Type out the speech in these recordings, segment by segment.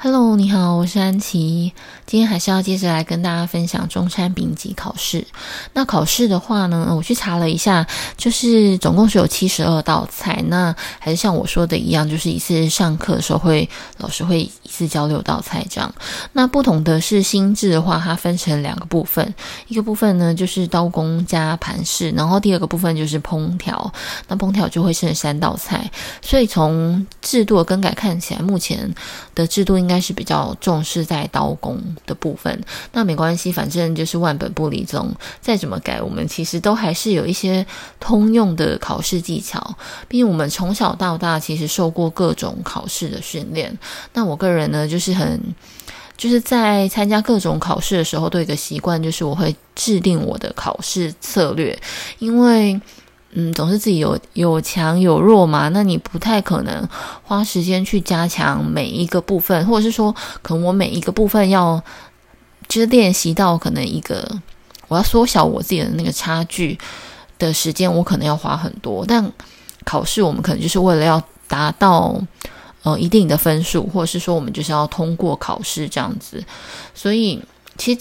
Hello，你好，我是安琪。今天還是要接着來跟大家分享中餐丙級考試。那考試的話呢，我去查了一下，就是總共是有七十二道菜。那還是像我說的一樣，就是一次上課的時候會，會老師會一次教六道菜這樣。那不同的是，新制的話，它分成兩個部分，一個部分呢就是刀工加盤飾，然後第二個部分就是烹調。那烹調就會剩三道菜，所以從制度的更改看起來，目前的制度應應該是比較重視在刀工的部分，那沒關係，反正就是萬本不離宗，再怎麼改，我們其實都還是有一些通用的考試技巧，畢竟我們從小到大其實受過各種考試的訓練。那我個人呢，就是很就是在參加各種考試的時候，有一個習慣，就是我會制定我的考試策略，因為。嗯，總是自己有有強有弱嘛，那你不太可能花時間去加強每一個部分，或者是說，可能我每一個部分要就是練習到可能一個，我要縮小我自己的那個差距的時間，我可能要花很多。但考試我們可能就是為了要達到呃一定的分數，或者是說我們就是要通過考試這樣子。所以其實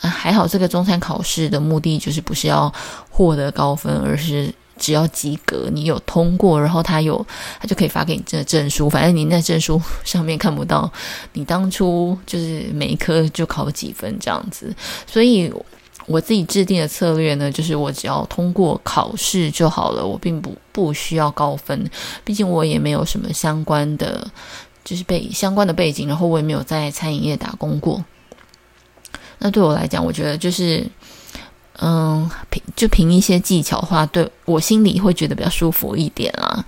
這還好，這個中餐考試的目的就是不是要獲得高分，而是。只要及格，你有通過，然後他有，他就可以發給你這證書。反正你在證書上面看不到你當初就是每一科就考幾分這樣子。所以我自己制定的策略呢，就是我只要通過考試就好了，我並不不需要高分。畢竟我也沒有什麼相關的，就是背相關的背景，然後我也沒有在餐飲業打工過。那對我來講，我覺得就是。嗯，憑就憑一些技巧的話，對，我心裡會覺得比較舒服一點啦。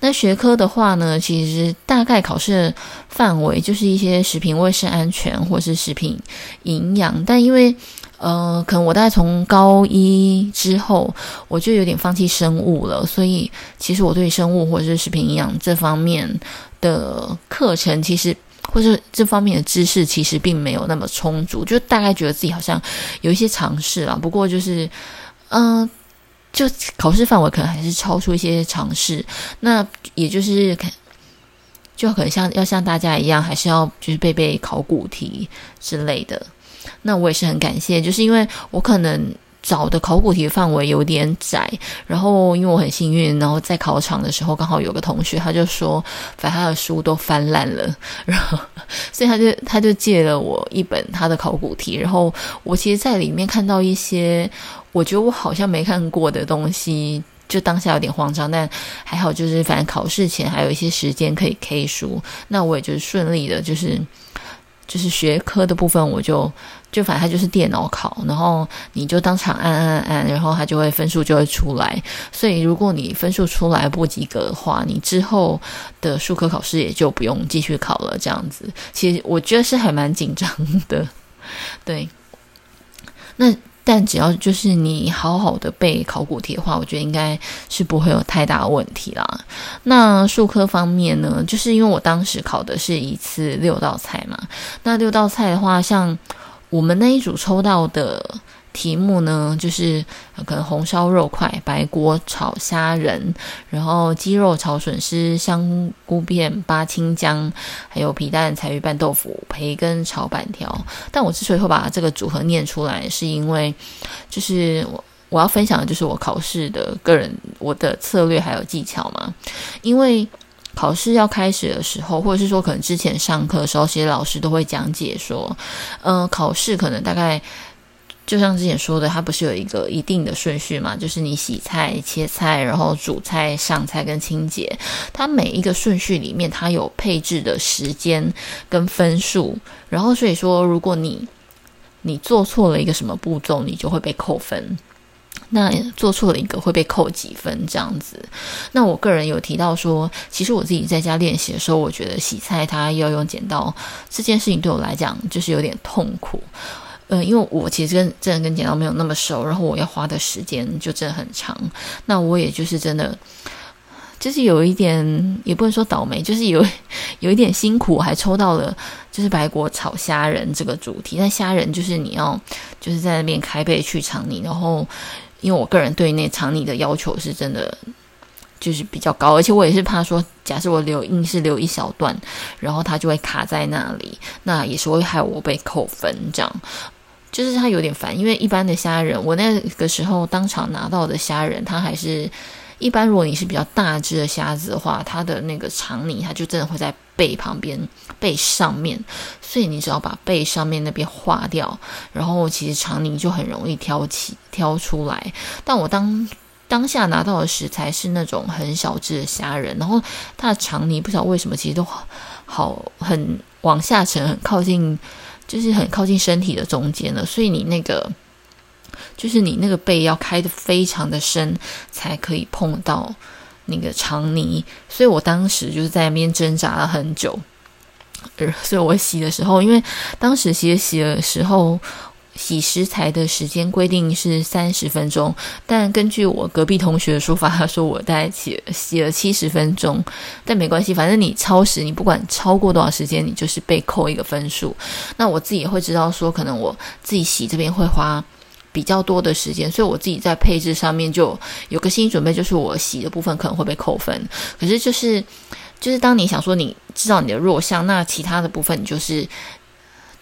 那學科的話呢，其實大概考試範圍就是一些食品衛生安全或是食品營養。但因為呃，可能我大概從高一之後，我就有點放棄生物了，所以其實我對生物或者是食品營養這方面的課程，其實。或者這方面的知識，其實並沒有那麼充足，就大概覺得自己好像有一些常識啦。不過就是，嗯、呃，就考試範圍可能還是超出一些常識。那也就是，看，就可能像要像大家一樣，還是要就是背背考古題之類的。那我也是很感謝，就是因為我可能。找的考古題範圍有點窄，然後因為我很幸運，然後在考場的時候剛好有個同學，他就說反正他的書都翻爛了，然後所以他就他就借了我一本他的考古題，然後我其實在裡面看到一些我覺得我好像沒看過的東西，就當下有點慌張，但還好就是反正考試前還有一些時間可以 K 書，那我也就順利的就是。就是學科的部分，我就就反正它就是電腦考，然後你就當場按、按、按、按，然後它就會分數就會出來。所以如果你分數出來不及格的話，你之後的術科考試也就不用繼續考了。這樣子，其實我覺得是還蠻緊張的，對。那。但只要就是你好好的背考古題的話，我覺得應該是不會有太大的問題啦。那術科方面呢，就是因為我當時考的是一次六道菜嘛，那六道菜的話，像我們那一組抽到的。題目呢，就是、呃、可能紅燒肉塊、白鍋炒蝦仁，然後雞肉炒筍絲、香菇片、八青薑，還有皮蛋柴魚拌豆腐、培根炒板條。但我之所以會把這個組合念出來，是因為就是我我要分享的就是我考試的個人我的策略還有技巧嘛。因為考試要開始的時候，或者是說可能之前上課的時候，其實老師都會講解說，嗯、呃，考試可能大概。就像之前說的，它不是有一個一定的順序嘛？就是你洗菜、切菜，然後煮菜、上菜跟清潔，它每一個順序裡面，它有配置的時間跟分數。然後所以說，如果你你做錯了一個什麼步驟，你就會被扣分。那做錯了一個會被扣幾分，這樣子。那我個人有提到說，其實我自己在家練習的時候，我覺得洗菜它要用剪刀這件事情，對我來講就是有點痛苦。嗯，因為我其實跟真的跟剪刀沒有那麼熟，然後我要花的時間就真的很長。那我也就是真的，就是有一點，也不能說倒霉，就是有有一點辛苦，還抽到了就是白果炒蝦仁這個主題。但蝦仁就是你要就是在那邊開背去腸泥，然後，因為我個人對那腸泥的要求是真的，就是比較高，而且我也是怕說，假設我留硬是留一小段，然後它就會卡在那裡，那也是會害我被扣分這樣。就是它有點煩，因為一般的蝦仁，我那個時候當場拿到的蝦仁它還是一般。如果你是比較大只的蝦子的話，它的那個腸泥，它就真的會在背旁邊、背上面，所以你只要把背上面那邊劃掉，然後其實腸泥就很容易挑起，挑出來。但我當當下拿到的食材是那種很小只的蝦仁，然後它的腸泥不知道為什麼，其實都好，好，很往下沉，很靠近。就是很靠近身體的中間了，所以你那個，就是你那個背要開得非常的深，才可以碰到那個腸泥。所以我當時就是在那邊掙扎了很久，呃，所以我洗的時候，因為當時其實洗的時候。洗食材的時間規定是三十分鐘，但根據我隔壁同學的說法，他說我大概洗洗了七十分鐘，但沒關係，反正你超時，你不管超過多少時間，你就是被扣一個分數。那我自己也會知道說，可能我自己洗這邊會花比較多的時間，所以我自己在配置上面就有個心理準備，就是我洗的部分可能會被扣分。可是，就是就是當你想說你知道你的弱項，那其他的部分你就是。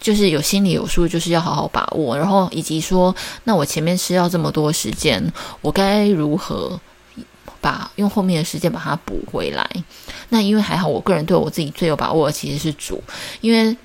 就是有心裡有數，就是要好好把握，然後以及說，那我前面吃掉這麼多時間，我該如何把用後面的時間把它補回來？那因為還好，我個人對我自己最有把握的，其實是煮，因為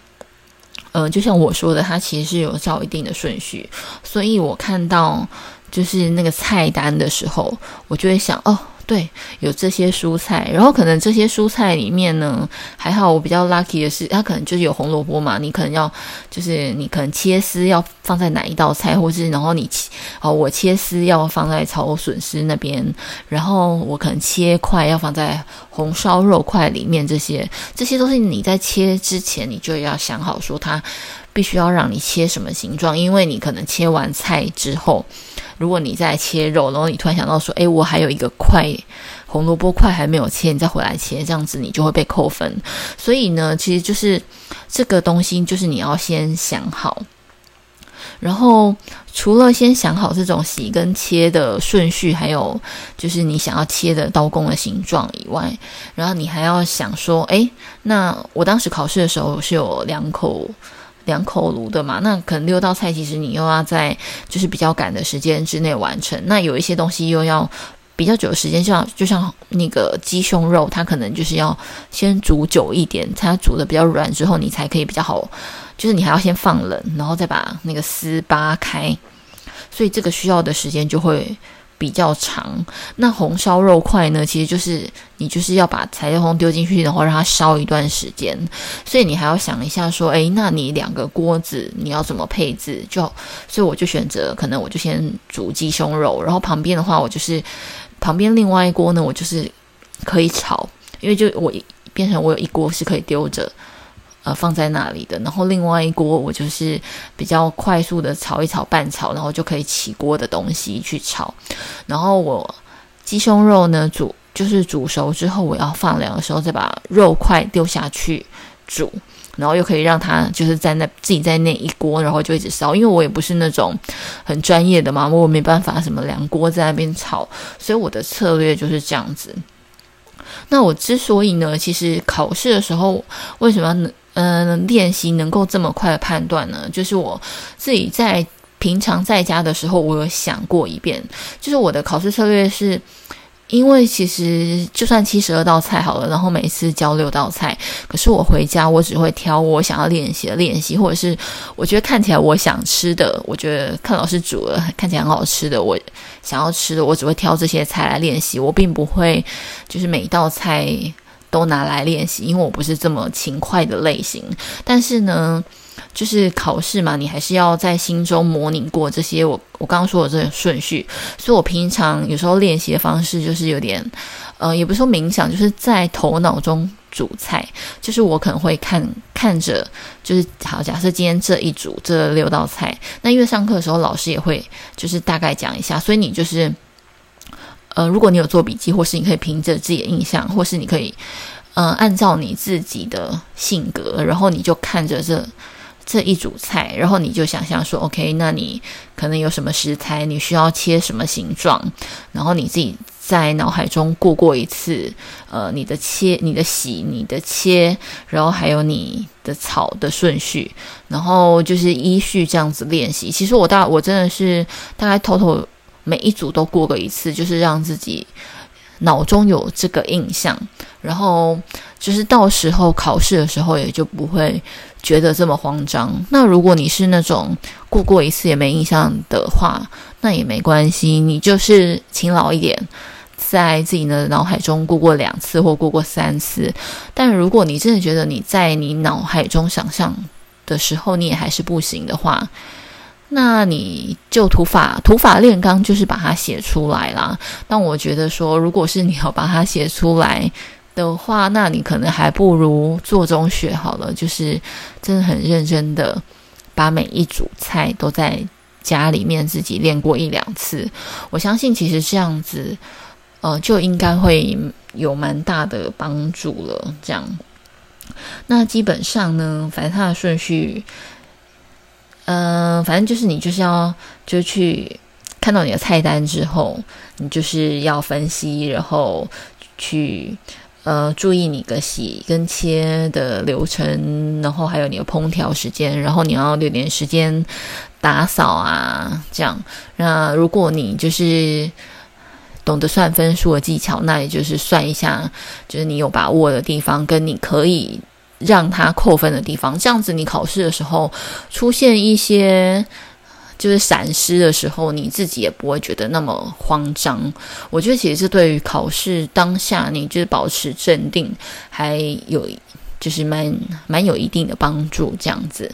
嗯、呃，就像我說的，它其實是有照一定的順序，所以我看到就是那個菜單的時候，我就會想哦。對，有這些蔬菜，然後可能這些蔬菜裡面呢，還好我比較 lucky 的是，它可能就是有紅蘿蔔嘛，你可能要就是你可能切絲要放在哪一道菜，或是然後你切，哦，我切絲要放在炒筍絲那邊，然後我可能切塊要放在紅燒肉塊裡面，這些這些都是你在切之前你就要想好說它。必須要讓你切什麼形狀，因為你可能切完菜之後，如果你在切肉，然後你突然想到說：“誒，我還有一個塊紅蘿蔔塊還沒有切，你再回來切，這樣子你就會被扣分。”所以呢，其實就是這個東西，就是你要先想好。然後除了先想好這種洗跟切的順序，還有就是你想要切的刀工的形狀以外，然後你還要想說：“誒，那我當時考試的時候是有兩口。”兩口爐的嘛，那可能六道菜，其實你又要在就是比較趕的時間之內完成。那有一些東西又要比較久的時間，就像就像那個雞胸肉，它可能就是要先煮久一點，它煮得比較軟之後，你才可以比較好，就是你還要先放冷，然後再把那個撕扒開，所以這個需要的時間就會。比較長，那紅燒肉塊呢？其實就是你就是要把材料包丟進去，然後讓它燒一段時間。所以你還要想一下，說，誒、欸，那你兩個鍋子你要怎麼配置？就所以我就選擇，可能我就先煮雞胸肉，然後旁邊的話，我就是旁邊另外一鍋呢，我就是可以炒，因為就我變成我有一鍋是可以丟着。呃，放在那裡的。然後另外一鍋，我就是比較快速的炒一炒、拌炒，然後就可以起鍋的東西去炒。然後我雞胸肉呢，煮就是煮熟之後，我要放涼的時候，再把肉塊丟下去煮，然後又可以讓它就是在那自己在那一鍋，然後就一直燒。因為我也不是那種很專業的嘛，我也沒辦法什麼涼鍋在那邊炒，所以我的策略就是這樣子。那我之所以呢，其實考試的時候為什麼要嗯、呃，練習能夠這麼快的判斷呢，就是我自己在平常在家的時候，我有想過一遍。就是我的考試策略是，因為其實就算七十二道菜好了，然後每次教六道菜，可是我回家我只會挑我想要練習的練習，或者是我覺得看起來我想吃的，我覺得看老師煮了看起來很好吃的，我想要吃的，我只會挑這些菜來練習，我並不會就是每一道菜。都拿來練習，因為我不是這麼勤快的類型。但是呢，就是考試嘛，你還是要在心中模擬過這些。我我剛剛說的這個順序，所以我平常有時候練習的方式就是有點，呃，也不是說冥想，就是在頭腦中煮菜。就是我可能會看看着，就是好，假設今天這一組這六道菜，那因為上課的時候老師也會就是大概講一下，所以你就是。呃，如果你有做筆記，或是你可以憑着自己的印象，或是你可以，呃，按照你自己的性格，然後你就看着這這一組菜，然後你就想象說，OK，那你可能有什麼食材，你需要切什麼形狀，然後你自己在腦海中過過一次，呃，你的切、你的洗、你的切，然後還有你的炒的順序，然後就是依序這樣子練習。其實我大我真的是大概偷偷。每一組都過個一次，就是讓自己腦中有這個印象，然後就是到時候考試的時候也就不會覺得這麼慌張。那如果你是那種過過一次也沒印象的話，那也沒關係，你就是勤勞一點，在自己的腦海中過過兩次或過過三次。但如果你真的覺得你在你腦海中想象的時候，你也還是不行的話。那你就土法土法煉鋼，就是把它寫出來啦。但我覺得說，如果是你要把它寫出來的話，那你可能還不如做中學好了。就是真的很認真的，把每一組菜都在家裡面自己練過一兩次。我相信其實這樣子，呃，就應該會有蠻大的幫助了。這樣，那基本上呢，反正它的順序。嗯、呃，反正就是你就是要就去看到你的菜單之後，你就是要分析，然後去呃注意你的洗跟切的流程，然後還有你的烹調時間，然後你要留點時間打掃啊，這樣。那如果你就是懂得算分數的技巧，那也就是算一下，就是你有把握的地方跟你可以。讓他扣分的地方，這樣子你考試的時候出現一些就是閃失的時候，你自己也不會覺得那麼慌張。我覺得其實這對於考試當下，你就是保持鎮定，還有就是蠻蠻有一定的幫助。這樣子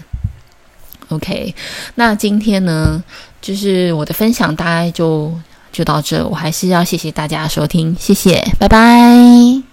，OK，那今天呢，就是我的分享大概就就到這，我還是要謝謝大家的收聽，謝謝，拜拜。